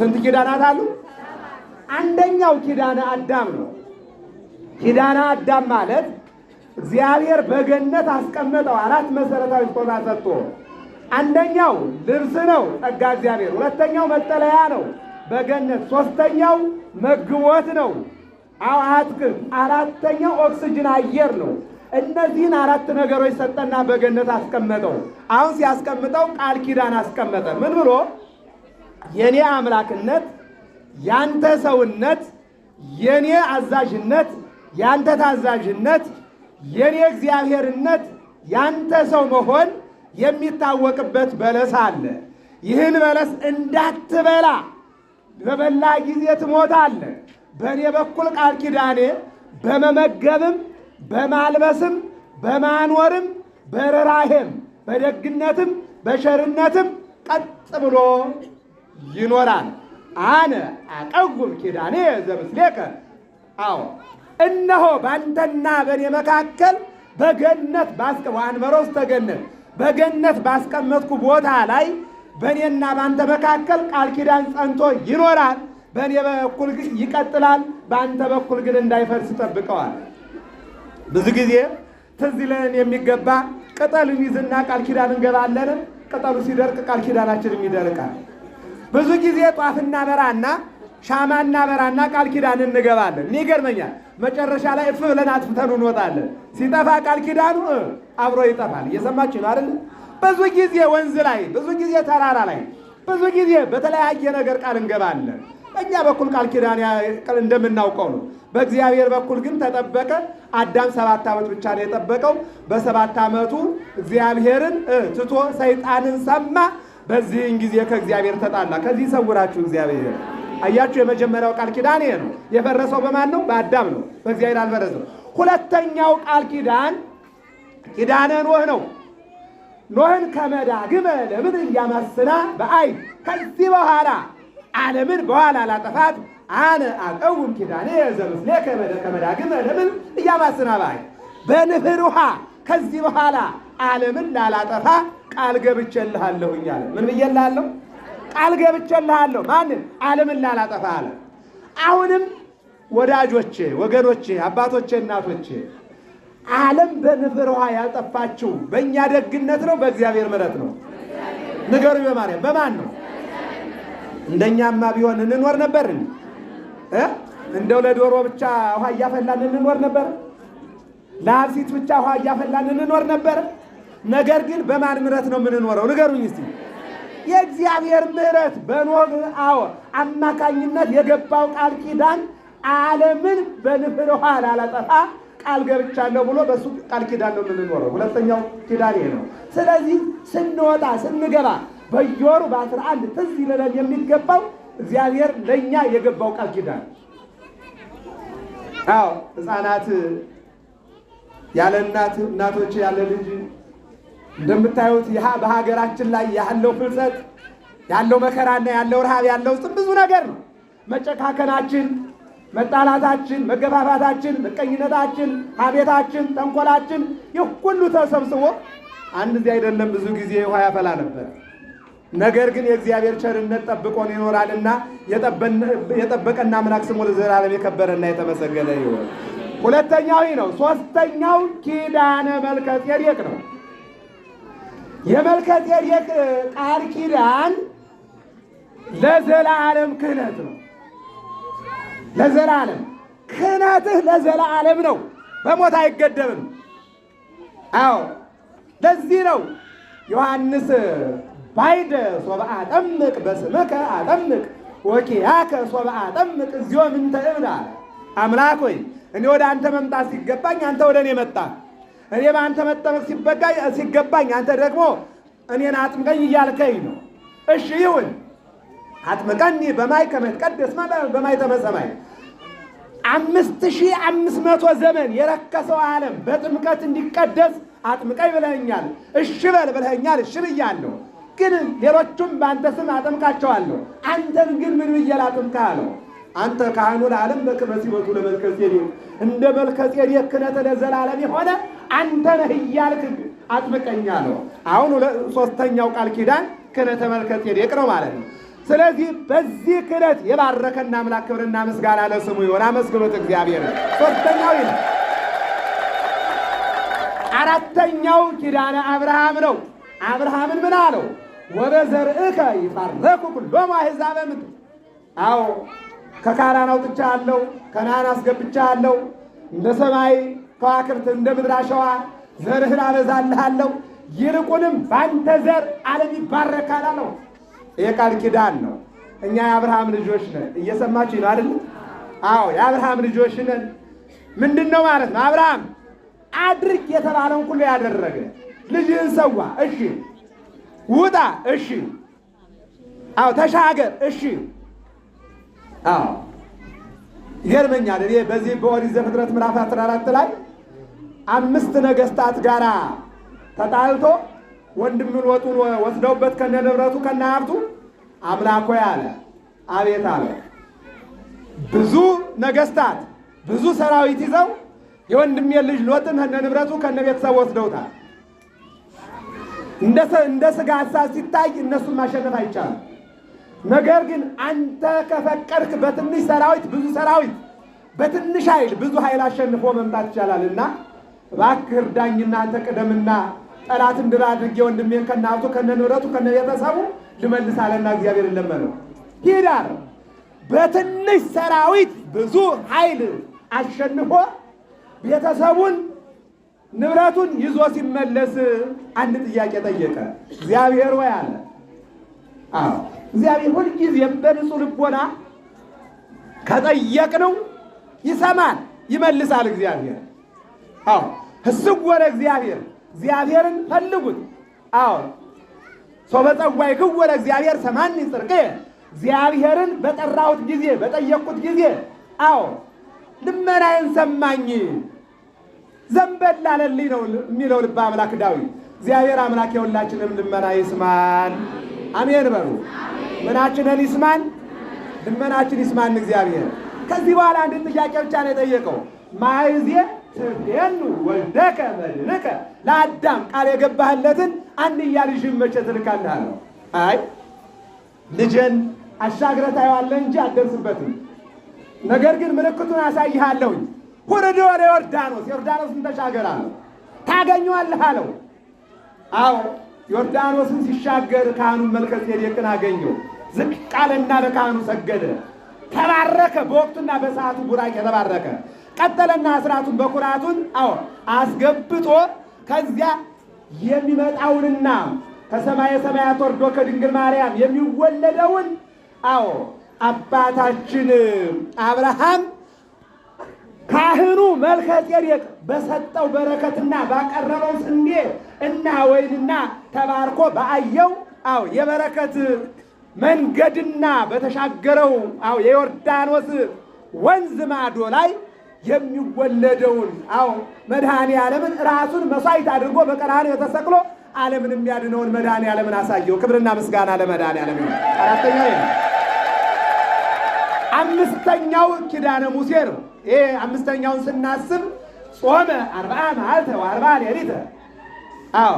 ስንት ኪዳናት አሉ? አንደኛው ኪዳነ አዳም ነው። ኪዳነ አዳም ማለት እግዚአብሔር በገነት አስቀመጠው አራት መሰረታዊ ስጦታ ሰጥቶ፣ አንደኛው ልብስ ነው፣ ጸጋ እግዚአብሔር። ሁለተኛው መጠለያ ነው በገነት። ሶስተኛው መግቦት ነው፣ አዎ አትክልት። አራተኛው ኦክስጅን አየር ነው። እነዚህን አራት ነገሮች ሰጠና በገነት አስቀመጠው። አሁን ሲያስቀምጠው ቃል ኪዳን አስቀመጠ። ምን ብሎ የኔ አምላክነት፣ ያንተ ሰውነት፣ የኔ አዛዥነት፣ ያንተ ታዛዥነት፣ የኔ እግዚአብሔርነት፣ ያንተ ሰው መሆን የሚታወቅበት በለስ አለ። ይህን በለስ እንዳትበላ በበላ ጊዜ ትሞታለህ። በእኔ በኩል ቃል ኪዳኔ በመመገብም በማልበስም በማኖርም በረራሄም በደግነትም በሸርነትም ቀጥ ብሎ ይኖራል። አነ አቀውም ኪዳኔ ዘምስሌከ። አዎ እነሆ ባንተና በእኔ መካከል በገነት በአንበሮ ውስተ ገነት በገነት ባስቀመጥኩ ቦታ ላይ በእኔና በአንተ መካከል ቃል ኪዳን ጸንቶ ይኖራል። በእኔ በኩል ግን ይቀጥላል፣ በአንተ በኩል ግን እንዳይፈርስ ጠብቀዋል። ብዙ ጊዜ ትዝ ሊለን የሚገባ ቅጠልን ይዝና ቃል ኪዳን እንገባለን። ቅጠሉ ሲደርቅ ቃል ኪዳናችንም ይደርቃል። ብዙ ጊዜ ጧፍ እናበራና ሻማ እናበራና ቃል ኪዳን እንገባለን። እኔ ይገርመኛል። መጨረሻ ላይ እፍ ብለን አጥፍተን እንወጣለን። ሲጠፋ ቃል ኪዳኑ አብሮ ይጠፋል። እየሰማች ነው አይደል? ብዙ ጊዜ ወንዝ ላይ፣ ብዙ ጊዜ ተራራ ላይ፣ ብዙ ጊዜ በተለያየ ነገር ቃል እንገባለን። በእኛ በኩል ቃል ኪዳን እንደምናውቀው ነው። በእግዚአብሔር በኩል ግን ተጠበቀ። አዳም ሰባት ዓመት ብቻ ነው የጠበቀው። በሰባት ዓመቱ እግዚአብሔርን ትቶ ሰይጣንን ሰማ። በዚህን ጊዜ ከእግዚአብሔር ተጣላ። ከዚህ ሰውራችሁ እግዚአብሔር። አያችሁ፣ የመጀመሪያው ቃል ኪዳን ይሄ ነው። የፈረሰው በማን ነው? በአዳም ነው። በእግዚአብሔር አልፈረሰም። ሁለተኛው ቃል ኪዳን ኪዳነ ኖህ ነው። ኖህን ከመዳግመ ለምድር እያማስና በአይ ከዚህ በኋላ ዓለምን በኋላ ላጠፋት አነ አቀውም ኪዳኔ ዘምስሌከ ከመዳግመ ለምን እያማስና በአይ በንፍር ውሃ ከዚህ በኋላ ዓለምን ላላጠፋ ቃል ገብቼልሃለሁ እያለ ምን ብዬልሃለሁ? ቃል ገብቼልሃለሁ። ማንን? ዓለምን ላላጠፋ አለ። አሁንም ወዳጆቼ፣ ወገኖቼ፣ አባቶቼ፣ እናቶቼ ዓለም ውሃ ያልጠፋችው በእኛ ደግነት ነው፣ በእግዚአብሔር ምሕረት ነው። ንገሩ በማርያም በማን ነው? እንደኛማ ቢሆን እንኖር ነበር እ እንደው ለዶሮ ብቻ ውሃ እያፈላን እንኖር ነበር። ለአብሲት ብቻ ውሃ እያፈላን እንኖር ነበር። ነገር ግን በማን ምሕረት ነው የምንኖረው? ንገሩኝ እስቲ። የእግዚአብሔር ምሕረት በኖኅ አዎ አማካኝነት የገባው ቃል ኪዳን ዓለምን በንፍር ውሃ ላላጠፋ ቃል ገብቻለሁ ብሎ በእሱ ቃል ኪዳን ነው የምንኖረው። ሁለተኛው ኪዳን ይሄ ነው። ስለዚህ ስንወጣ ስንገባ፣ በየወሩ በአስራ አንድ ትዝ ይለናል የሚገባው እግዚአብሔር ለእኛ የገባው ቃል ኪዳን። አዎ ህፃናት ያለ እናት እናቶች ያለ ልጅ እንደምታዩት ይህ በሀገራችን ላይ ያለው ፍልሰት ያለው መከራና ያለው ረሃብ ያለው ውስጥ ብዙ ነገር ነው። መጨካከናችን፣ መጣላታችን፣ መገፋፋታችን፣ ምቀኝነታችን፣ ሀቤታችን፣ ተንኮላችን ይህ ሁሉ ተሰብስቦ አንድ እዚህ አይደለም ብዙ ጊዜ ውሃ ያፈላ ነበር። ነገር ግን የእግዚአብሔር ቸርነት ጠብቆን ይኖራልና የጠበቀና አምላክ ስሙ ለዘላለም የከበረና የተመሰገነ ይሆን። ሁለተኛው ነው። ሶስተኛው ኪዳነ መልከ ነው። የመልከ ጼዴቅ ቃል ኪዳን ለዘላለም ክህነት ነው። ለዘላለም ክህነትህ ለዘላለም ነው። በሞት አይገደብም። አዎ ለዚህ ነው ዮሐንስ ባይደ ሶበ አጠምቅ በስምከ አጠምቅ ወኪያከ ሶበ አጠምቅ እዚዮ ምንተ እብን አምላክ ሆይ እኔ ወደ አንተ መምጣት ሲገባኝ አንተ ወደ እኔ መጣ እኔ በአንተ መጠመቅ ሲበቃኝ ሲገባኝ አንተ ደግሞ እኔን አጥምቀኝ እያልከኝ ነው። እሺ ይሁን፣ አጥምቀኒ በማይ ከመትቀደስ በማይ ተመሰማይ አምስት ሺህ አምስት መቶ ዘመን የረከሰው ዓለም በጥምቀት እንዲቀደስ አጥምቀኝ ብለኸኛል። እሺ በል ብለኸኛል። እሺ ብያለሁ፣ ግን ሌሎቹም በአንተ ስም አጠምቃቸዋለሁ። አንተን ግን ምን ብዬ ላጥምቅህ አለው። አንተ ካህኑ ለዓለም በክብረ ሲወቱ ለመልከጼዴቅ እንደ መልከጼዴቅ ክህነተ ለዘላለም የሆነ አንተ ነህ እያልክ አጥምቀኛ ነው። አሁን ሶስተኛው ቃል ኪዳን ክህነተ መልከጼዴቅ ነው ማለት ነው። ስለዚህ በዚህ ክህነት የባረከና አምላክ ክብርና ምስጋና ለስሙ ይሆን። አመስግኑት እግዚአብሔር። ሶስተኛው ይነ አራተኛው ኪዳነ አብርሃም ነው። አብርሃምን ምን አለው? ወበዘርእከ ይባረኩ ኩሎሙ አሕዛበ ምድር። አዎ ከካናን አውጥቻለሁ፣ ከነዓን አስገብቻለሁ እንደ ሰማይ ከዋክብት እንደ ምድረ አሸዋ ዘርህን አበዛልሃለሁ፣ ይልቁንም ባንተ ዘር ዓለም ይባረካል አለው። ይሄ ቃል ኪዳን ነው። እኛ የአብርሃም ልጆች ነን። እየሰማችሁ ነው አይደል? አዎ የአብርሃም ልጆች ነን። ምንድን ነው ማለት ነው? አብርሃም አድርግ የተባለውን ሁሉ ያደረገ ልጅህን ሰዋ፣ እሺ። ውጣ፣ እሺ። አዎ ተሻገር፣ እሺ። አዎ ይገርመኛል። እኔ በዚህ በኦሪት ዘፍጥረት ምዕራፍ 14 ላይ አምስት ነገስታት ጋር ተጣልቶ ወንድም ሎጡን ወስደውበት ከነ ንብረቱ ከነ ሀብቱ አምላኮ ያለ አቤት አለ። ብዙ ነገስታት ብዙ ሰራዊት ይዘው የወንድሜ ልጅ ሎጥን ከነ ንብረቱ ከነ ቤተሰብ ወስደውታል። እንደ ስጋ ሀሳብ ሲታይ እነሱን ማሸነፍ አይቻልም። ነገር ግን አንተ ከፈቀድክ በትንሽ ሰራዊት ብዙ ሰራዊት በትንሽ ኃይል ብዙ ኃይል አሸንፎ መምጣት ይቻላልና እባክህ እርዳኝና አንተ ቅደምና ጠላትን ድል አድርጌ ወንድሜን ከነ ሀብቱ ከነ ልመልስ አለና እግዚአብሔር ለመነው። ሂዳር በትንሽ ሰራዊት ብዙ ኃይል አሸንፎ ቤተሰቡን ንብረቱን ይዞ ሲመለስ አንድ ጥያቄ ጠየቀ። እግዚአብሔር ወይ አለ። አዎ እግዚአብሔር ሁልጊዜም በንጹህ ልቦና ከጠየቅነው ይሰማል፣ ይመልሳል እግዚአብሔር አዎ ህስግ ወደ እግዚአብሔር እግዚአብሔርን ፈልጉት። አዎ ሰው በጸዋይ ክው ወደ እግዚአብሔር ሰማኒ ጽርቅ እግዚአብሔርን በጠራሁት ጊዜ በጠየቅኩት ጊዜ አዎ ልመናዬን ሰማኝ ዘንበል አለልኝ ነው የሚለው ልበ አምላክ ዳዊት። እግዚአብሔር አምላክ የሁላችንም ልመና ይስማን። አሜን በሉ። ልመናችንን ይስማን፣ ልመናችን ይስማን እግዚአብሔር። ከዚህ በኋላ አንድ ጥያቄ ብቻ ነው የጠየቀው ማይዜ ትፌኑ ወልደከ መልከ ለአዳም ቃል የገባህለትን አንድያ ልጅህን መቼ ትልካለህ አይ ልጀን አሻግረህ ታየዋለህ እንጂ አትደርስበትም፣ ነገር ግን ምልክቱን አሳይሃለሁኝ። ውረድ ወደ ዮርዳኖስ፣ ዮርዳኖስን ተሻገር አለው። ታገኘዋለህ አለው። አዎ ዮርዳኖስን ሲሻገር ካህኑን መልከት ጼዴቅን አገኘው። ዝቅ ቃለና ለካህኑ ሰገደ፣ ተባረከ። በወቅቱና በሰዓቱ ቡራቅ የተባረከ ቀጠለና አስራቱን በኩራቱን አዎ አስገብቶ ከዚያ የሚመጣውንና ከሰማየ ሰማያት ወርዶ ከድንግል ማርያም የሚወለደውን አዎ አባታችን አብርሃም ካህኑ መልከ በሰጠው በረከትና ባቀረበው ስንዴ እና ወይንና ተባርኮ በአየው አዎ የበረከት መንገድና በተሻገረው አዎ የዮርዳኖስ ወንዝ ማዶ ላይ የሚወለደውን አዎ መድኃኔ ዓለምን ራሱን መስዋዕት አድርጎ በቀራንዮ ተሰቅሎ ዓለምን የሚያድነውን መድኃኔ ዓለምን አሳየው። ክብርና ምስጋና ለመድኃኔ ዓለም። አራተኛ ይሄ አምስተኛው ኪዳነ ሙሴ ነው። ይሄ አምስተኛውን ስናስብ ጾመ አርብዓ መዓልተ ወአርብዓ ሌሊተ። አዎ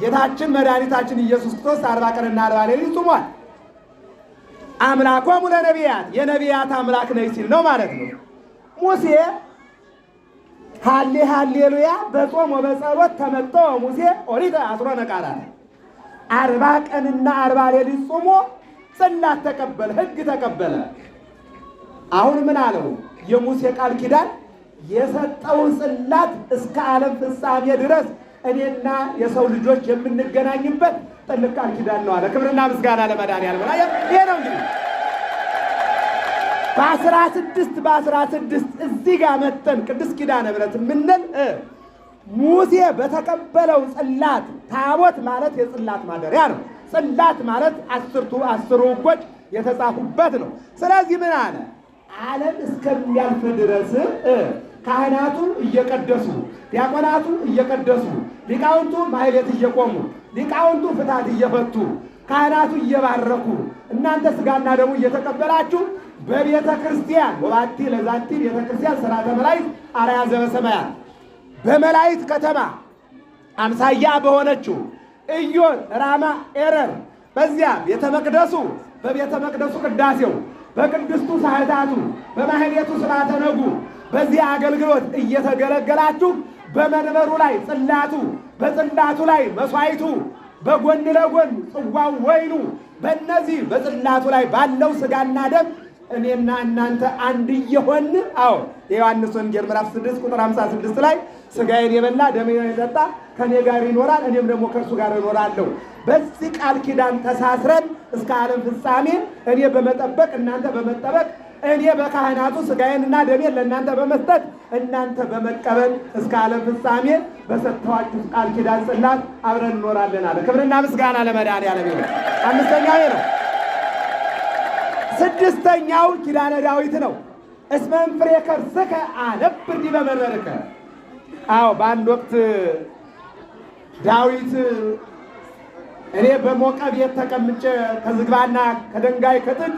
ጌታችን መድኃኒታችን ኢየሱስ ክርስቶስ አርባ ቀንና አርባ ሌሊት ጾሟል። አምላኮሙ ለነቢያት የነቢያት አምላክ ነኝ ሲል ነው ማለት ነው። ሙሴ ሃሌ ሀሌሉያ በጾም ወበጸሎት ተመጥቶ ሙሴ ኦሪት አስሮ ነቃላት አርባ ቀንና አርባ ሌሊት ጾሞ ጽላት ተቀበለ፣ ህግ ተቀበለ። አሁን ምን አለው? የሙሴ ቃል ኪዳን የሰጠው ጽላት እስከ ዓለም ፍጻሜ ድረስ እኔና የሰው ልጆች የምንገናኝበት ጥልቅ ቃል ኪዳን ነው አለ። ክብርና ምስጋና ለመድኃኒዓለም። ይሄ ነው እንግዲህ በአስራ ስድስት በአስራ ስድስት እዚህ ጋር መጠን ቅዱስ ኪዳነ ምሕረት የምንል ሙሴ በተቀበለው ጽላት ታቦት ማለት የጽላት ማደሪያ ነው። ጽላት ማለት አስርቱ አስሩ ሕጎች የተጻፉበት ነው። ስለዚህ ምን አለ? ዓለም እስከሚያልፍ ድረስ ካህናቱ እየቀደሱ፣ ዲያቆናቱ እየቀደሱ፣ ሊቃውንቱ ማህሌት እየቆሙ፣ ሊቃውንቱ ፍታት እየፈቱ፣ ካህናቱ እየባረኩ፣ እናንተ ስጋና ደሙ እየተቀበላችሁ በቤተ ክርስቲያን ወባቲ ለዛቲ ቤተ ክርስቲያን ሥርዓተ መላእክት አርያ ዘበሰማያት በመላእክት ከተማ አምሳያ በሆነችው ኢዮን ራማ ኤረር በዚያ ቤተ መቅደሱ በቤተ መቅደሱ ቅዳሴው በቅድስቱ ሳህታቱ በማህሌቱ ስርዓተ ነጉ በዚያ አገልግሎት እየተገለገላችሁ በመንበሩ ላይ ጽላቱ በጽላቱ ላይ መስዋዕቱ በጎን ለጎን ጽዋው ወይኑ በእነዚህ በጽላቱ ላይ ባለው ሥጋና ደም እኔና እናንተ አንድ የሆን አዎ የዮሐንስ ወንጌል ምዕራፍ 6 ቁጥር 56 ላይ ስጋዬን የበላ ደሜን የጠጣ ከኔ ጋር ይኖራል፣ እኔም ደግሞ ከእርሱ ጋር እኖራለሁ። በዚህ ቃል ኪዳን ተሳስረን እስከ ዓለም ፍጻሜ እኔ በመጠበቅ እናንተ በመጠበቅ እኔ በካህናቱ ስጋዬን እና ደሜን ለእናንተ በመስጠት እናንተ በመቀበል እስከ ዓለም ፍጻሜ በሰጥተዋችሁ ቃል ኪዳን ጽላት አብረን እንኖራለን አለ። ክብርና ምስጋና ለመድኃኔዓለም። አምስተኛው ነው። ስድስተኛው ኪዳነ ዳዊት ነው። እስመን ፍሬ ከርስከ አነብር ዲበ መንበርከ። አዎ በአንድ ወቅት ዳዊት እኔ በሞቀ ቤት ተቀምጬ ከዝግባና ከደንጋይ ከጥድ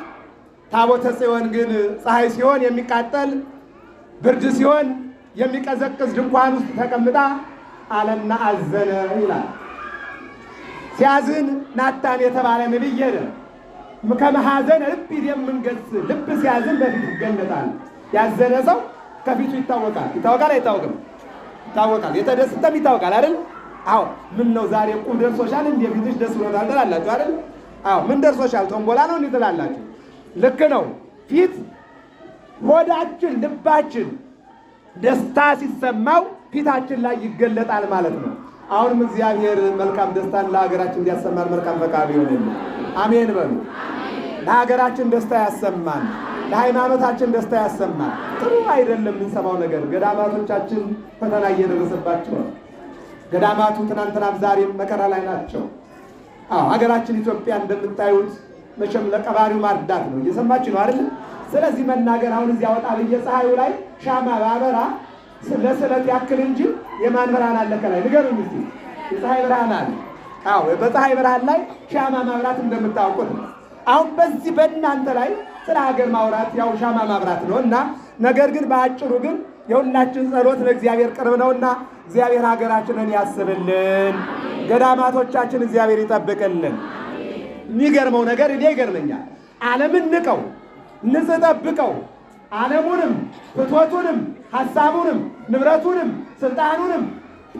ታቦተ ጽዮን ግን ፀሐይ ሲሆን የሚቃጠል ብርድ ሲሆን የሚቀዘቅዝ ድንኳን ውስጥ ተቀምጣ አለና አዘነ ይላል። ሲያዝን ናታን የተባለ ነቢይ ከመሐዘን ልብ የምንገልጽ ልብ ሲያዝን በፊት ይገለጣል። ያዘነ ሰው ከፊቱ ይታወቃል። ይታወቃል አይታወቅም? ይታወቃል። የተደስተም ይታወቃል አይደል? አዎ። ምን ነው ዛሬ ቁም ደርሶሻል እንደ ፊትሽ ደስ ብሎታል ትላላችሁ አይደል? አዎ። ምን ደርሶሻል? ቶምቦላ ነው እንዴ ትላላችሁ። ልክ ነው። ፊት ሆዳችን፣ ልባችን ደስታ ሲሰማው ፊታችን ላይ ይገለጣል ማለት ነው። አሁንም እግዚአብሔር መልካም ደስታን ለሀገራችን እንዲያሰማን መልካም ፈቃድ ይሆንልን። አሜን በሉ። ለሀገራችን ደስታ ያሰማል። ለሃይማኖታችን ደስታ ያሰማል። ጥሩ አይደለም የምንሰማው ነገር። ገዳማቶቻችን ፈተና እየደረሰባቸው ነው። ገዳማቱ ትናንትናም ዛሬም መከራ ላይ ናቸው። አዎ ሀገራችን ኢትዮጵያ እንደምታዩት መቼም ለቀባሪው ማርዳት ነው። እየሰማችሁ ነው አይደል? ስለዚህ መናገር አሁን እዚህ ያወጣ ብዬ ፀሐዩ ላይ ሻማ ባበራ ለስለት ያክል እንጂ የማን ብርሃን አለ ከላይ ንገሩኝ እስኪ። የፀሐይ ብርሃን አለ። አዎ በፀሐይ ብርሃን ላይ ሻማ ማብራት እንደምታውቁት ነው። አሁን በዚህ በእናንተ ላይ ስለ ሀገር ማውራት ያው ሻማ ማብራት ነው እና ነገር ግን በአጭሩ ግን የሁላችን ጸሎት ለእግዚአብሔር ቅርብ ነውና እግዚአብሔር ሀገራችንን ያስብልን፣ ገዳማቶቻችን እግዚአብሔር ይጠብቅልን። የሚገርመው ነገር እኔ ይገርመኛል። ዓለምን ንቀው ንጽህ ጠብቀው ዓለሙንም ፍትወቱንም ሀሳቡንም ንብረቱንም ስልጣኑንም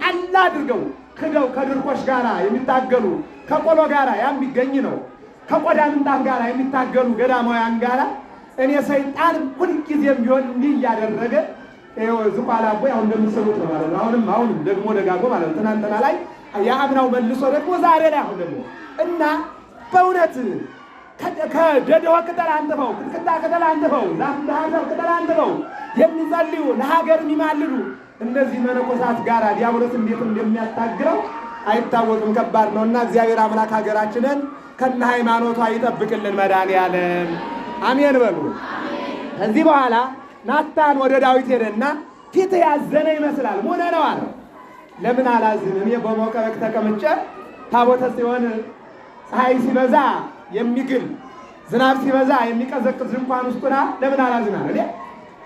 ጠላ አድርገው ክደው ከድርቆች ጋር የሚታገሉ ከቆሎ ጋር ያም ቢገኝ ነው ከቆዳ ምንጣፍ ጋር የሚታገሉ ገዳማውያን ጋር እኔ ሰይጣን ሁልጊዜም ቢሆን እንዲህ እያደረገ ዝቋላ አቦ ያው እንደምትሰሩት ነው ማለት ነው። አሁንም አሁንም ደግሞ ደጋጎ ማለት ነው። ትናንትና ላይ የአምናው መልሶ ደግሞ ዛሬ ላይ አሁን ደግሞ እና በእውነት ከደደወ ቅጠል አንጥፈው፣ ቅጥቅጣ ቅጠል አንጥፈው፣ ዛፍ ቅጠል አንጥፈው የሚጸልዩ ለሀገር የሚማልዱ እነዚህ መነኮሳት ጋር ዲያብሎስ እንዴት እንደሚያታግረው አይታወቅም፣ ከባድ ነው እና እግዚአብሔር አምላክ ሀገራችንን ከነ ሃይማኖቷ ይጠብቅልን። መድኃኔዓለም አሜን በሉ። ከዚህ በኋላ ናታን ወደ ዳዊት ሄደና ፊት ያዘነ ይመስላል ሞነ ነው አለ። ለምን አላዝን? እኔ በሞቀ በግ ተቀምጬ ታቦተ ጽዮን ፀሐይ ሲበዛ የሚግል ዝናብ ሲበዛ የሚቀዘቅዝ ድንኳን ውስጡና ለምን አላዝን አለ።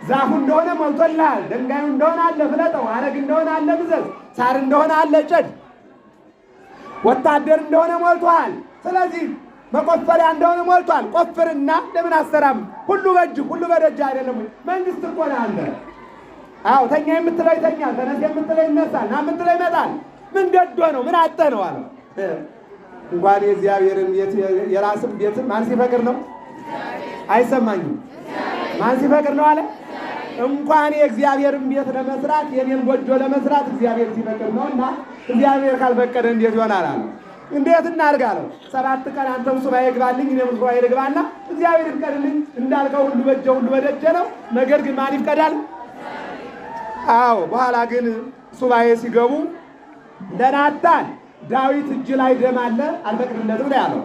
ዛፉ እንደሆነ ሞልቶልሃል፣ ድንጋዩ እንደሆነ አለ ፍለጠው፣ አረግ እንደሆነ አለ ብዘዝ፣ ሳር እንደሆነ አለ ጨድ ወታደር እንደሆነ ሞልቷል። ስለዚህ መቆፈሪያ እንደሆነ ሞልቷል። ቆፍርና ለምን አሰራም? ሁሉ በእጅ ሁሉ በደጅ አይደለም። መንግስት እኮ ነው አለ። አዎ ተኛ የምትለው ይተኛል፣ ተነስ የምትለው ይነሳል፣ ና የምትለው ይመጣል። ምን ገዶ ነው? ምን አጠ ነው አለ። እንኳን የእግዚአብሔርን የራስን ቤት ማን ሲፈቅር ነው? አይሰማኝም። ማን ሲፈቅር ነው አለ። እንኳን የእግዚአብሔርን ቤት ለመስራት የኔን ጎጆ ለመስራት እግዚአብሔር ሲፈቅር ነው እና እግዚአብሔር ካልፈቀደ እንዴት ይሆናል አለ። እንዴት እናድርግ ሰባት ቀን አንተም ሱባኤ ግባልኝ፣ እኔም ሱባኤ ልግባና እግዚአብሔር ይፍቀድልኝ እንዳልከው ሁሉ በጀ ሁሉ በደጀ ነው። ነገር ግን ማን ይፍቀዳል? አዎ በኋላ ግን ሱባኤ ሲገቡ ለናታን ዳዊት እጅ ላይ ደም አለ አልፈቅድለትም ነው ያለው።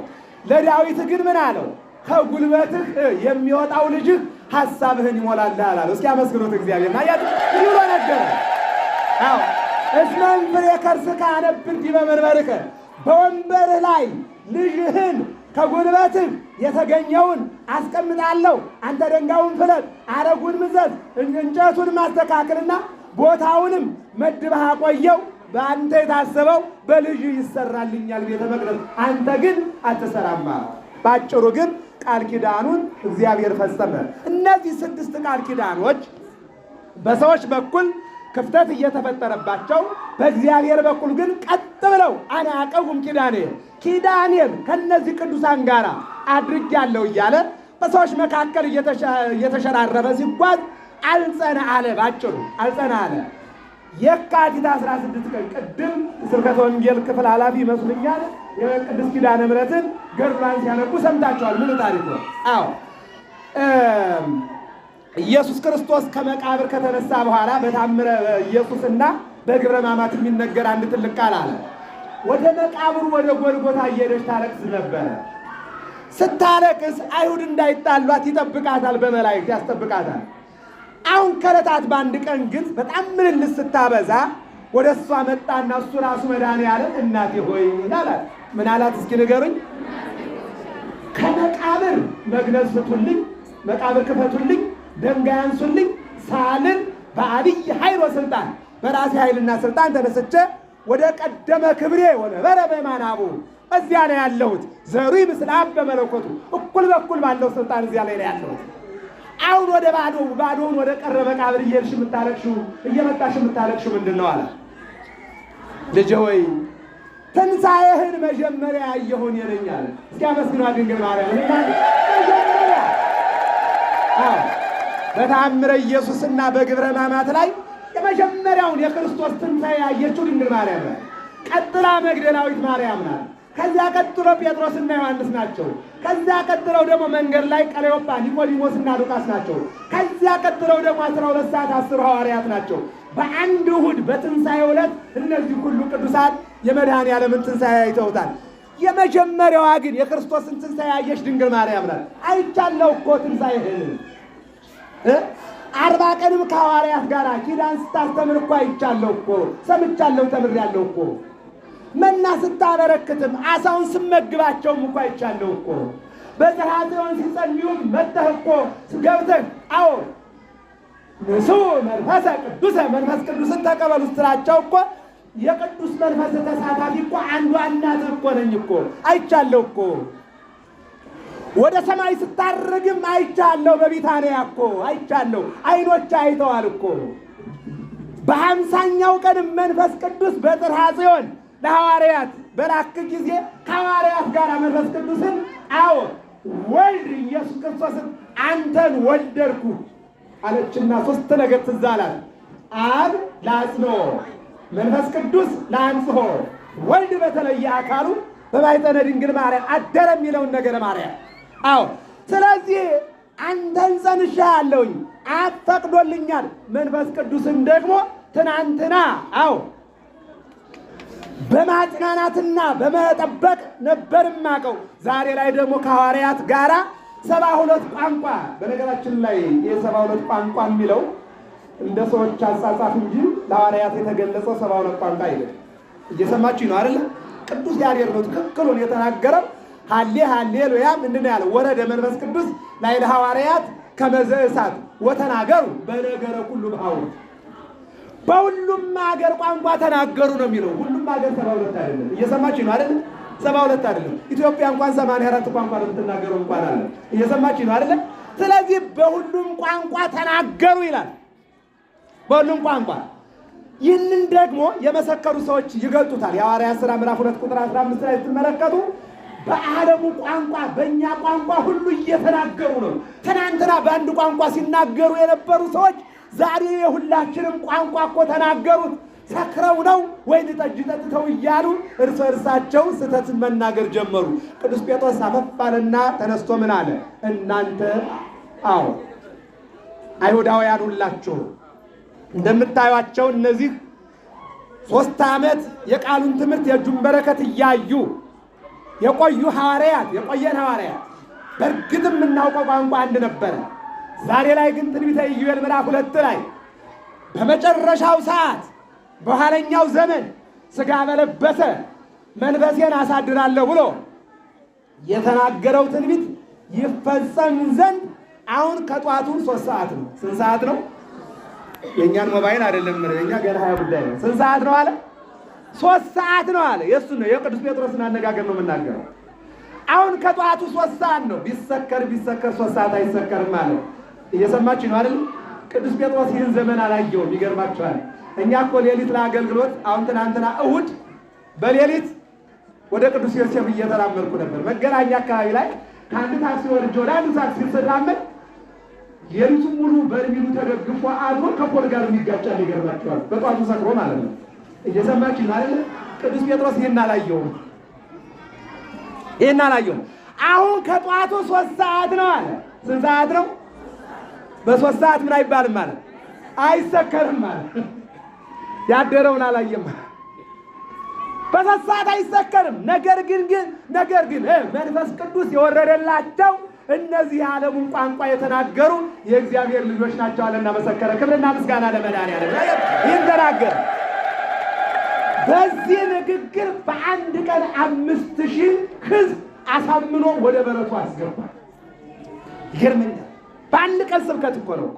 ለዳዊት ግን ምን አለው? ከጉልበትህ የሚወጣው ልጅህ ሀሳብህን ይሞላል አላለው። እስኪ አመስግኖት እግዚአብሔር ና ያት ብሎ አዎ እስመ እንፍሬ ከርስከ አነብር ዲበ መንበርከ በወንበርህ ላይ ልጅህን ከጉልበትህ የተገኘውን አስቀምጣለሁ። አንተ ደንጋውን ፍለጥ፣ አረጉን ምዘዝ፣ እንጨቱን ማስተካከልና ቦታውንም መድበህ አቆየው። በአንተ የታሰበው በልጅ ይሰራልኛል ቤተ መቅደስ፣ አንተ ግን አትሰራማ። ባጭሩ ግን ቃል ኪዳኑን እግዚአብሔር ፈጸመ። እነዚህ ስድስት ቃል ኪዳኖች በሰዎች በኩል ክፍተት እየተፈጠረባቸው በእግዚአብሔር በኩል ግን ቀጥ ብለው አነ አቀውም ኪዳኔ ኪዳኔን ከነዚህ ቅዱሳን ጋር አድርጌያለሁ እያለ በሰዎች መካከል እየተሸራረበ ሲጓዝ አልጸነ አለ። ባጭሩ አልጸነ አለ። የካቲት 16 ቀን ቅድም ስብከተ ወንጌል ክፍል ኃላፊ ይመስሉኛል የቅድስት ኪዳነ ምሕረትን ገድሏን ሲያነቁ ሰምታችኋል። ምን ታሪክ ነው። አዎ ኢየሱስ ክርስቶስ ከመቃብር ከተነሳ በኋላ በታምረ ኢየሱስና በግብረ ሕማማት የሚነገር አንድ ትልቅ ቃል አለ። ወደ መቃብሩ ወደ ጎልጎታ እየሄደች ታለቅስ ነበረ። ስታለቅስ አይሁድ እንዳይጣሏት ይጠብቃታል፣ በመላእክት ያስጠብቃታል። አሁን ከዕለታት በአንድ ቀን ግን በጣም ምልልስ ስታበዛ ወደ እሷ መጣና እሱ ራሱ መድኃኒዓለም እናቴ ሆይ አላት። ምን አላት? እስኪ ንገሩኝ። ከመቃብር መግነዝ ፍቱልኝ፣ መቃብር ክፈቱልኝ ደንጋይ አንሱልኝ ሳልን በአብይ ኃይል ወስልጣን በራሴ ኃይልና ስልጣን ተነስቼ ወደ ቀደመ ክብሬ ወነበረ በማናቡ እዚያ ነው ያለሁት። ዘሩ ምስል አብ በመለኮቱ እኩል በኩል ባለው ስልጣን እዚያ ላይ ነው ያለሁት። አሁን ወደ ባዶ ባዶውን ወደ ቀረ መቃብር እየሄድሽ እየመጣሽ ምንድን ነው አለ። ልጄ ሆይ ትንሣኤህን መጀመሪያ ይለኛል። እስኪ አመስግኗ ድንግል ማርያም መጀመሪያ በተአምረ ኢየሱስና በግብረ ሕማማት ላይ የመጀመሪያውን የክርስቶስ ትንሣኤ ያየችው ድንግል ማርያም ናት። ቀጥላ መግደላዊት ማርያም ናት። ከዛ ቀጥሎ ጴጥሮስና ዮሐንስ ናቸው። ከዛ ቀጥለው ደግሞ መንገድ ላይ ቀለዮጳ፣ ኒቆዲሞስና ሉቃስ ናቸው። ከዛ ቀጥለው ደግሞ አስራ ሁለት ሰዓት አስሩ ሐዋርያት ናቸው። በአንድ እሁድ በትንሣኤ ዕለት እነዚህ ሁሉ ቅዱሳት የመድኃኔ ዓለምን ትንሣኤ አይተውታል። የመጀመሪያዋ ግን የክርስቶስን ትንሣኤ ያየች ድንግል ማርያም ናት። አይቻለው እኮ ትንሣኤ አርባ ቀንም ከሐዋርያት ጋር ኪዳን ስታስተምር እኮ አይቻለሁ እኮ ሰምቻለሁ ተምሬያለሁ እኮ መና ስታበረክትም አሳውን ስመግባቸውም እኮ አይቻለሁ እኮ በጽርሐ ጽዮን ሲጸልዩም መጥተህ እኮ ገብተህ አዎ ንሱ መንፈሰ ቅዱሰ መንፈስ ቅዱስን ተቀበሉ ስትላቸው እኮ የቅዱስ መንፈስ ተሳታፊ እኮ አንዷ እናት እኮ ነኝ እኮ አይቻለሁ እኮ ወደ ሰማይ ስታርግም አይቻለሁ። በቢታንያ እኮ አይቻለሁ፣ አይኖች አይተዋል እኮ። በሀምሳኛው ቀንም መንፈስ ቅዱስ በጥርሃ ጽዮን ለሐዋርያት በላክ ጊዜ ከሐዋርያት ጋር መንፈስ ቅዱስን አዎ ወልድ ኢየሱስ ክርስቶስን አንተን ወልደርኩ አለችና ሶስት ነገር ትዝ አላት። አብ ለአጽንኦ፣ መንፈስ ቅዱስ ለአንጽሖ፣ ወልድ በተለየ አካሉ በማኅፀነ ድንግል ማርያም አደረ የሚለውን ነገረ ማርያም አዎ ስለዚህ አንተን ጸንሻ አለውኝ አፈቅዶልኛል። መንፈስ ቅዱስን ደግሞ ትናንትና አዎ በማጽናናትና በመጠበቅ ነበር ማቀው። ዛሬ ላይ ደግሞ ከሐዋርያት ጋራ ሰባ ሁለት ቋንቋ በነገራችን ላይ የሰባ ሁለት ቋንቋ የሚለው እንደ ሰዎች አጻጻፍ እንጂ ለሐዋርያት የተገለጸው ሰባ ሁለት ቋንቋ አይደለም። እየሰማችሁ ነው አይደለ? ቅዱስ ያሬድ ነው ትክክሉን የተናገረው። ሀሌ ሀሌሉያ ምንድን ያለው? ወረደ መንፈስ ቅዱስ ላይ ለሐዋርያት ከመዘ እሳት ወተናገሩ በነገረ ሁሉ በአውር በሁሉም ሀገር ቋንቋ ተናገሩ ነው የሚለው። ሁሉም ሀገር ሰባ አይደለም። እየሰማች ነው አይደለም? ሰባ አይደለም። ኢትዮጵያ እንኳን ሰማንያ አራት ቋንቋ ነው የምትናገረው እንኳን አለ። እየሰማች ነው አይደለም? ስለዚህ በሁሉም ቋንቋ ተናገሩ ይላል። በሁሉም ቋንቋ ይህንን ደግሞ የመሰከሩ ሰዎች ይገልጡታል። የሐዋርያት ሥራ ምዕራፍ ሁለት ቁጥር 15 ላይ ስትመለከቱ በዓለሙ ቋንቋ በእኛ ቋንቋ ሁሉ እየተናገሩ ነው። ትናንትና በአንድ ቋንቋ ሲናገሩ የነበሩ ሰዎች ዛሬ የሁላችንም ቋንቋ እኮ ተናገሩት። ሰክረው ነው ወይን ጠጅ ጠጥተው እያሉ እርስ እርሳቸው ስህተት መናገር ጀመሩ። ቅዱስ ጴጥሮስ አፈፋልና ተነስቶ ምን አለ? እናንተ አዎ አይሁዳውያን ሁላችሁ እንደምታዩቸው እነዚህ ሶስት ዓመት የቃሉን ትምህርት የእጁን በረከት እያዩ የቆዩ ሐዋርያት የቆየን ሐዋርያት በእርግጥም የምናውቀው ቋንቋ አንድ ነበረ። ዛሬ ላይ ግን ትንቢተ ኢዩኤል ምዕራፍ ሁለት ላይ በመጨረሻው ሰዓት በኋለኛው ዘመን ሥጋ በለበሰ መንፈሴን አሳድራለሁ ብሎ የተናገረው ትንቢት ይፈጸም ዘንድ አሁን ከጧቱ ሶስት ሰዓት ነው። ስንት ሰዓት ነው? የእኛን ሞባይል አይደለም፣ የእኛ ገና ሀያ ጉዳይ ነው። ስንት ሰዓት ነው አለ ሶስት ሰዓት ነው አለ። የእሱ ነው የቅዱስ ጴጥሮስን አነጋገር ነው የምናገረው። አሁን ከጠዋቱ ሶስት ሰዓት ነው። ቢሰከር ቢሰከር ሶስት ሰዓት አይሰከርም አለ። እየሰማችሁ ነው አይደል? ቅዱስ ጴጥሮስ ይህን ዘመን አላየውም። ይገርማችኋል። እኛ እኮ ሌሊት ለአገልግሎት አሁን ትናንትና እሁድ በሌሊት ወደ ቅዱስ ዮሴፍ እየተራመድኩ ነበር። መገናኛ አካባቢ ላይ ከአንድ ታክሲ ወርጄ ወደ አንዱ ታክሲ ስራመድ ሌሊቱን ሙሉ በእድሚሉ ተደግፎ አድሮ ከፖል ጋር የሚጋጫል። ይገርማችኋል። በጠዋቱ ሰክሮ ማለት ነው እየሰማችሁ አይደለ? ቅዱስ ጴጥሮስ ይህን አላየው ይህን አላየው። አሁን ከጠዋቱ ሶስት ሰዓት ነው አለ። ስንት ሰዓት ነው? በሶስት ሰዓት ምን አይባልም አለ፣ አይሰከርም አለ። ያደረውን አላየም። በሶስት ሰዓት አይሰከርም። ነገር ግን ግን ነገር ግን መንፈስ ቅዱስ የወረደላቸው እነዚህ የዓለሙን ቋንቋ የተናገሩ የእግዚአብሔር ልጆች ናቸው አለና መሰከረ። ክብርና ምስጋና ለመድኃኒዓለም ይህን ተናገረ። በዚህ ንግግር በአንድ ቀን አምስት ሺህ ህዝብ አሳምኖ ወደ በረቱ አስገባ ይገርመኛል። በአንድ ቀን ስብከት እኮ ነው።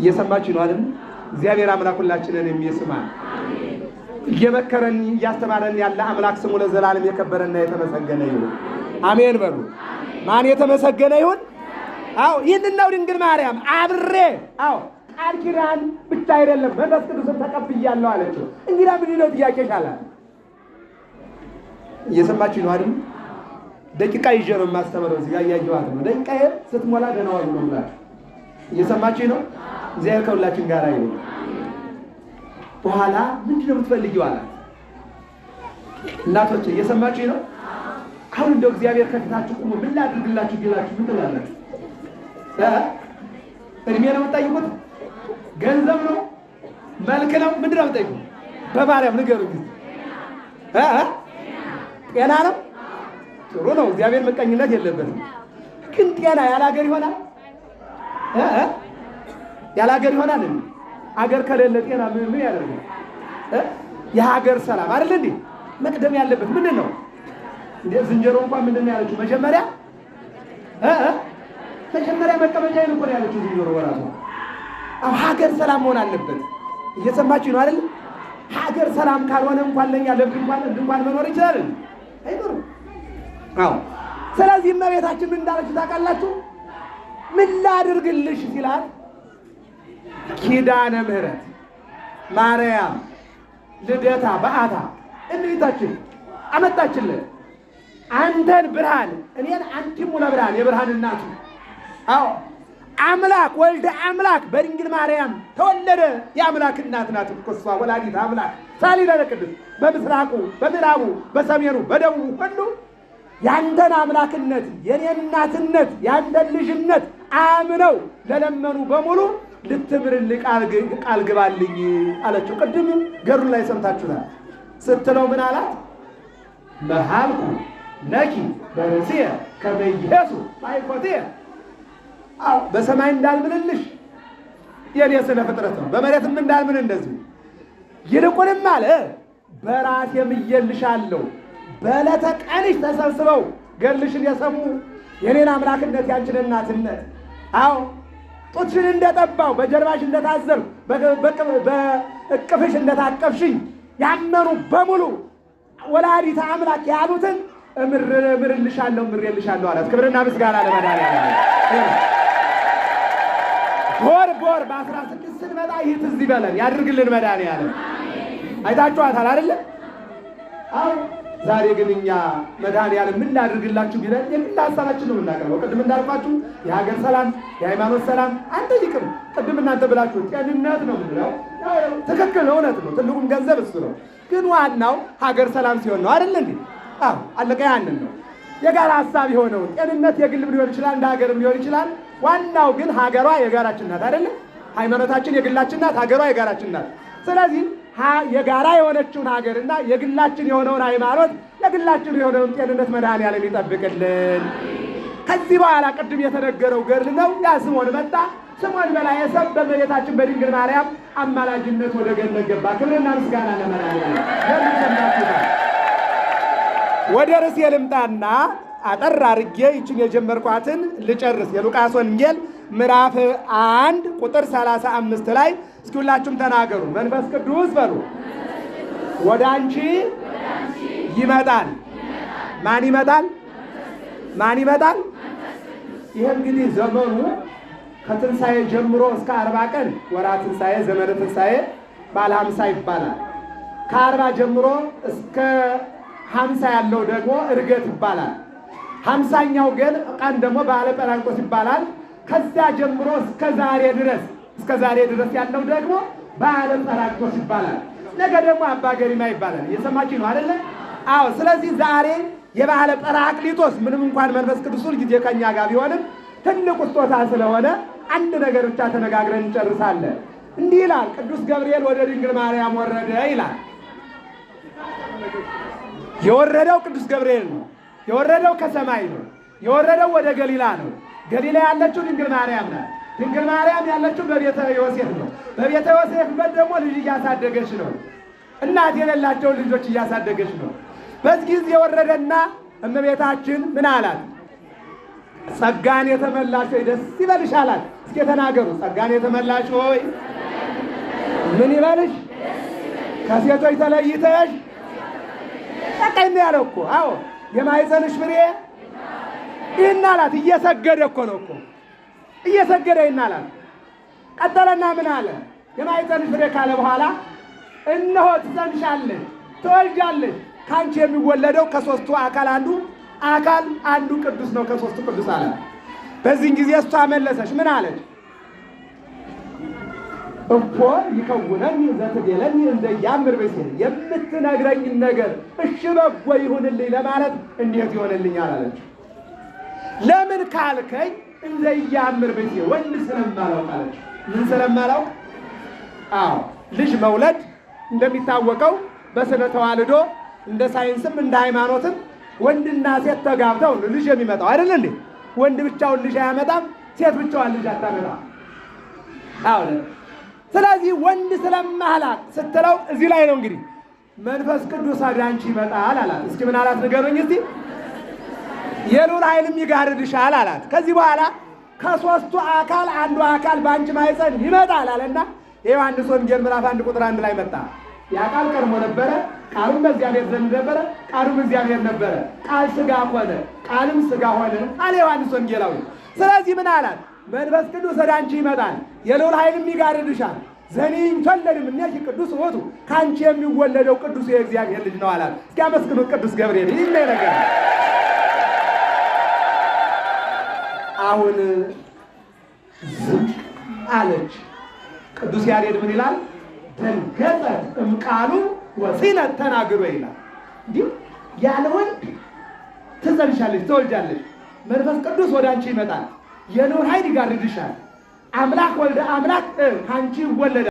እየሰማችሁ ነው አይደል? እግዚአብሔር አምላክ ሁላችንን የሚስማ እየመከረን እያስተማረን ያለ አምላክ ስሙ ለዘላለም የከበረና የተመሰገነ ይሁን። አሜን በሉ። ማን የተመሰገነ ይሁን? አዎ ይህንን ነው ድንግል ማርያም አብሬ አዎ ቃል ኪዳን ብቻ አይደለም መንፈስ ቅዱስን ተቀብያለሁ አለችው። እንግዳ ምን ነው ጥያቄሽ አላት። እየሰማችሁ ነው አይደል? ደቂቃ ይዤ ነው የማስተምረው። እዚህ ጋር እያየኋት ነው። ደቂቃ ስትሞላ ደህና ዋሉ ነው የምላችሁ። እየሰማችሁ ነው። እግዚአብሔር ከሁላችን ጋር ይሁን። በኋላ ምንድን ነው የምትፈልጊው አላት። እናቶች እየሰማችሁ ነው። አሁን እንደው እግዚአብሔር ከፊታችሁ ቁሙ ምን ላድርግላችሁ ቢላችሁ ምን ትላላችሁ? እድሜ ነው የምትጠይቁት ገንዘብ ነው፣ መልክ ነው። ምንድን ነው የምጠይቁ? በማርያም ንገሩ ጊዜ ጤና ነው። ጥሩ ነው። እግዚአብሔር ምቀኝነት የለበትም። ግን ጤና ያለ ሀገር ይሆናል? ያለ ሀገር ይሆናል? አገር ከሌለ ጤና ምን ምን ያደርጋል? የሀገር ሰላም አይደል እንዴ መቅደም ያለበት ምንድን ነው? እንደ ዝንጀሮ እንኳን ምንድን ነው ያለችው? መጀመሪያ መጀመሪያ መቀመጫ ነው ያለችው ዝንጀሮ ወራሷ ሀገር ሰላም መሆን አለበት። እየሰማችሁ ነው አይደል? ሀገር ሰላም ካልሆነ እንኳን ለኛ ለድንኳን ድንኳን መኖር ይችላል አይኖርም። አዎ። ስለዚህ እመቤታችን ምን እንዳለችው ታውቃላችሁ? ምን ላድርግልሽ ሲላት ኪዳነ ምሕረት ማርያም ልደታ በዓታ እንዴታችን አመጣችልን። አንተን ብርሃን እኔን አንቲሙለ ብርሃን የብርሃን እናቱ አዎ አምላክ ወልደ አምላክ በድንግል ማርያም ተወለደ። የአምላክ እናት ናት እኮ እሷ ወላዲት አምላክ ሳሊለ ለቅድስት በምስራቁ፣ በምዕራቡ፣ በሰሜኑ፣ በደቡቡ ሁሉ ያንተን አምላክነት የኔን እናትነት ያንተን ልጅነት አምነው ለለመኑ በሙሉ ልትምርልህ ቃል ግባልኝ አለችው። ቅድም ገሩ ላይ ሰምታችሁታል። ስትለው ምን አላት? መሃልኩ ነኪ በርእስየ ከመየሱ ማይኮቴ በሰማይ እንዳልምንልሽ የኔ ስነ ፍጥረት ነው። በመሬትም እንዳልምን እንደዚሁ ይልቁንም አለ በራሴ ምዬልሻለሁ። በዕለተ ቀንሽ ተሰብስበው ገድልሽን የሰሙ የኔን አምላክነት ያንችን እናትነት አዎ ጡትሽን እንደጠባው በጀርባሽ እንደታዘርኩ በእቅፍሽ እንደታቀፍሽኝ ያመኑ በሙሉ ወላዲተ አምላክ ያሉትን እምርልሻለሁ እምሬልሻለሁ አላት። ክብርና ምስጋና ለመድኃኒዓለም። ወር ቦር በአስራ ስድስት ስንመጣ ይህ ትዝ ይበለን ያድርግልን መድኃኒዓለም። አይታችኋታል አይደለም? አሁን ዛሬ ግን እኛ መድኃኒዓለም ምን ላድርግላችሁ ቢለን የግል ሀሳባችን ነው የምናቀርበው። ቅድም እንዳልኳችሁ የሀገር ሰላም፣ የሃይማኖት ሰላም አንተ ይቅም ቅድም እናንተ ብላችሁ ጤንነት ነው ምንለው። ትክክል ነው፣ እውነት ነው። ትልቁም ገንዘብ እሱ ነው። ግን ዋናው ሀገር ሰላም ሲሆን ነው አይደል እንዴ? አለቀ። ያንን ነው የጋራ ሀሳብ የሆነውን ጤንነት የግልም ሊሆን ይችላል እንደ ሀገርም ሊሆን ይችላል ዋናው ግን ሀገሯ የጋራችን ናት አይደለም። ሃይማኖታችን የግላችን ናት፣ ሀገሯ የጋራችን ናት። ስለዚህ የጋራ የሆነችውን ሀገርና የግላችን የሆነውን ሃይማኖት ለግላችን የሆነውን ጤንነት መድኃኔዓለም ይጠብቅልን። ከዚህ በኋላ ቅድም የተነገረው ገድል ነው። ያ ስምዖን መጣ። ስምዖን በላየሰብ በመቤታችን በድንግል ማርያም አማላጅነት ወደ ገነት ገባ። ክብርና ምስጋና ለመድኃኔዓለም። ወደ ርዕሴ ልምጣና አጠር አርጌ ይችን የጀመርኳትን ልጨርስ። የሉቃስ ወንጌል ምዕራፍ አንድ ቁጥር 35 ላይ እስኪ ሁላችሁም ተናገሩ፣ መንፈስ ቅዱስ በሉ። ወደ አንቺ ይመጣል። ማን ይመጣል? ማን ይመጣል? ይህ እንግዲህ ዘመኑ ከትንሣኤ ጀምሮ እስከ አርባ ቀን ወራ ትንሣኤ፣ ዘመነ ትንሣኤ፣ ባለ ሀምሳ ይባላል። ከአርባ ጀምሮ እስከ ሀምሳ ያለው ደግሞ እርገት ይባላል። ሀምሳኛው ገል ቀን ደግሞ በዓለ ጰራቅሊጦስ ይባላል። ከዚያ ጀምሮ እስከ ዛሬ ድረስ እስከ ዛሬ ድረስ ያለው ደግሞ በዓለ ጰራቅሊጦስ ይባላል። ነገ ደግሞ አባ ገሪማ ይባላል። የሰማችሁ ነው አደለ? አዎ። ስለዚህ ዛሬ የበዓለ ጰራቅሊጦስ ምንም እንኳን መንፈስ ቅዱስ ሁልጊዜ ከእኛ ጋር ቢሆንም ትልቁ ስጦታ ስለሆነ አንድ ነገር ብቻ ተነጋግረን እንጨርሳለን። እንዲህ ይላል ቅዱስ ገብርኤል ወደ ድንግል ማርያም ወረደ ይላል። የወረደው ቅዱስ ገብርኤል ነው። የወረደው ከሰማይ ነው። የወረደው ወደ ገሊላ ነው። ገሊላ ያለችው ድንግል ማርያም ናት። ድንግል ማርያም ያለችው በቤተ ዮሴፍ ነው። በቤተ ዮሴፍ በት ደግሞ ልጅ እያሳደገች ነው። እናት የሌላቸውን ልጆች እያሳደገች ነው። በዚህ ጊዜ የወረደና እመቤታችን ምን አላት? ጸጋን የተመላሽ ሆይ ደስ ይበልሽ አላት። እስኪ ተናገሩ። ጸጋን የተመላሽ ሆይ ምን ይበልሽ? ከሴቶች ተለይተሽ ጠቀኝ ያለው እኮ አዎ የማይዘንሽ ፍሬ ይናላት። እየሰገደ እኮ ነው እኮ እየሰገደ ይናላት። ቀጠለና ምን አለ? የማይዘንሽ ፍሬ ካለ በኋላ እነሆ ትፀንሻለሽ፣ ትወልጃለሽ። ከአንቺ የሚወለደው ከሶስቱ አካል አንዱ አካል አንዱ ቅዱስ ነው ከሶስቱ ቅዱስ አለ። በዚህን ጊዜ እሷ መለሰች ምን አለች? እኮ ይከውነን ዘትቤለኒ እንደ ያምር ብእሲር የምትነግረኝ ነገር እሺ በጎ ይሁንልኝ ለማለት እንዴት ይሆንልኛል? አለች። ለምን ካልከኝ እንደ ያምር ብእሲር ወንድ ስለማላውቅ አለች። ምን ስለማላውቅ? አዎ ልጅ መውለድ እንደሚታወቀው በስነ ተዋልዶ እንደ ሳይንስም እንደ ሃይማኖትም ወንድና ሴት ተጋብተው ልጅ የሚመጣው አይደል እንዴ? ወንድ ብቻውን ልጅ አያመጣም፣ ሴት ብቻዋን ልጅ አታመጣም። አዎ ስለዚህ ወንድ ስለማህላት ስትለው እዚህ ላይ ነው እንግዲህ መንፈስ ቅዱስ አዳንቺ ይመጣል አላት። እስኪ ምን አላት ንገሩኝ እስቲ። የሉል ኃይልም ይጋርድሻል አላት። ከዚህ በኋላ ከሶስቱ አካል አንዱ አካል በአንቺ ማይፀን ይመጣል አለና የዮሐንስ ወንጌል ምዕራፍ አንድ ቁጥር አንድ ላይ መጣ። ያ ቃል ቀድሞ ነበረ፣ ቃሉም በእግዚአብሔር ዘንድ ነበረ፣ ቃሉም እግዚአብሔር ነበረ። ቃል ስጋ ሆነ፣ ቃልም ስጋ ሆነ አለ ዮሐንስ ወንጌላዊ። ስለዚህ ምን አላት መንፈስ ቅዱስ ወደ አንቺ ይመጣል፣ የልዑል ኃይልም ይጋርድሻል። ዘኔ ይምተለንም እነሽ ቅዱስ ሞቱ ከአንቺ የሚወለደው ቅዱስ የእግዚአብሔር ልጅ ነው አላት። እስኪ አመስግኑት ቅዱስ ገብርኤል ይህ ነገር አሁን ዝቅ አለች። ቅዱስ ያሬድ ምን ይላል? ደንገጠ እምቃሉ ወሲነት ተናግሮ ይላል። እንዲሁ ያለ ወንድ ትጸንሻለች፣ ትወልጃለች፣ መንፈስ ቅዱስ ወደ አንቺ ይመጣል የኖር ኃይል ይጋርድሻል። አምላክ ወልደ አምላክ ከአንቺ ይወለዳል።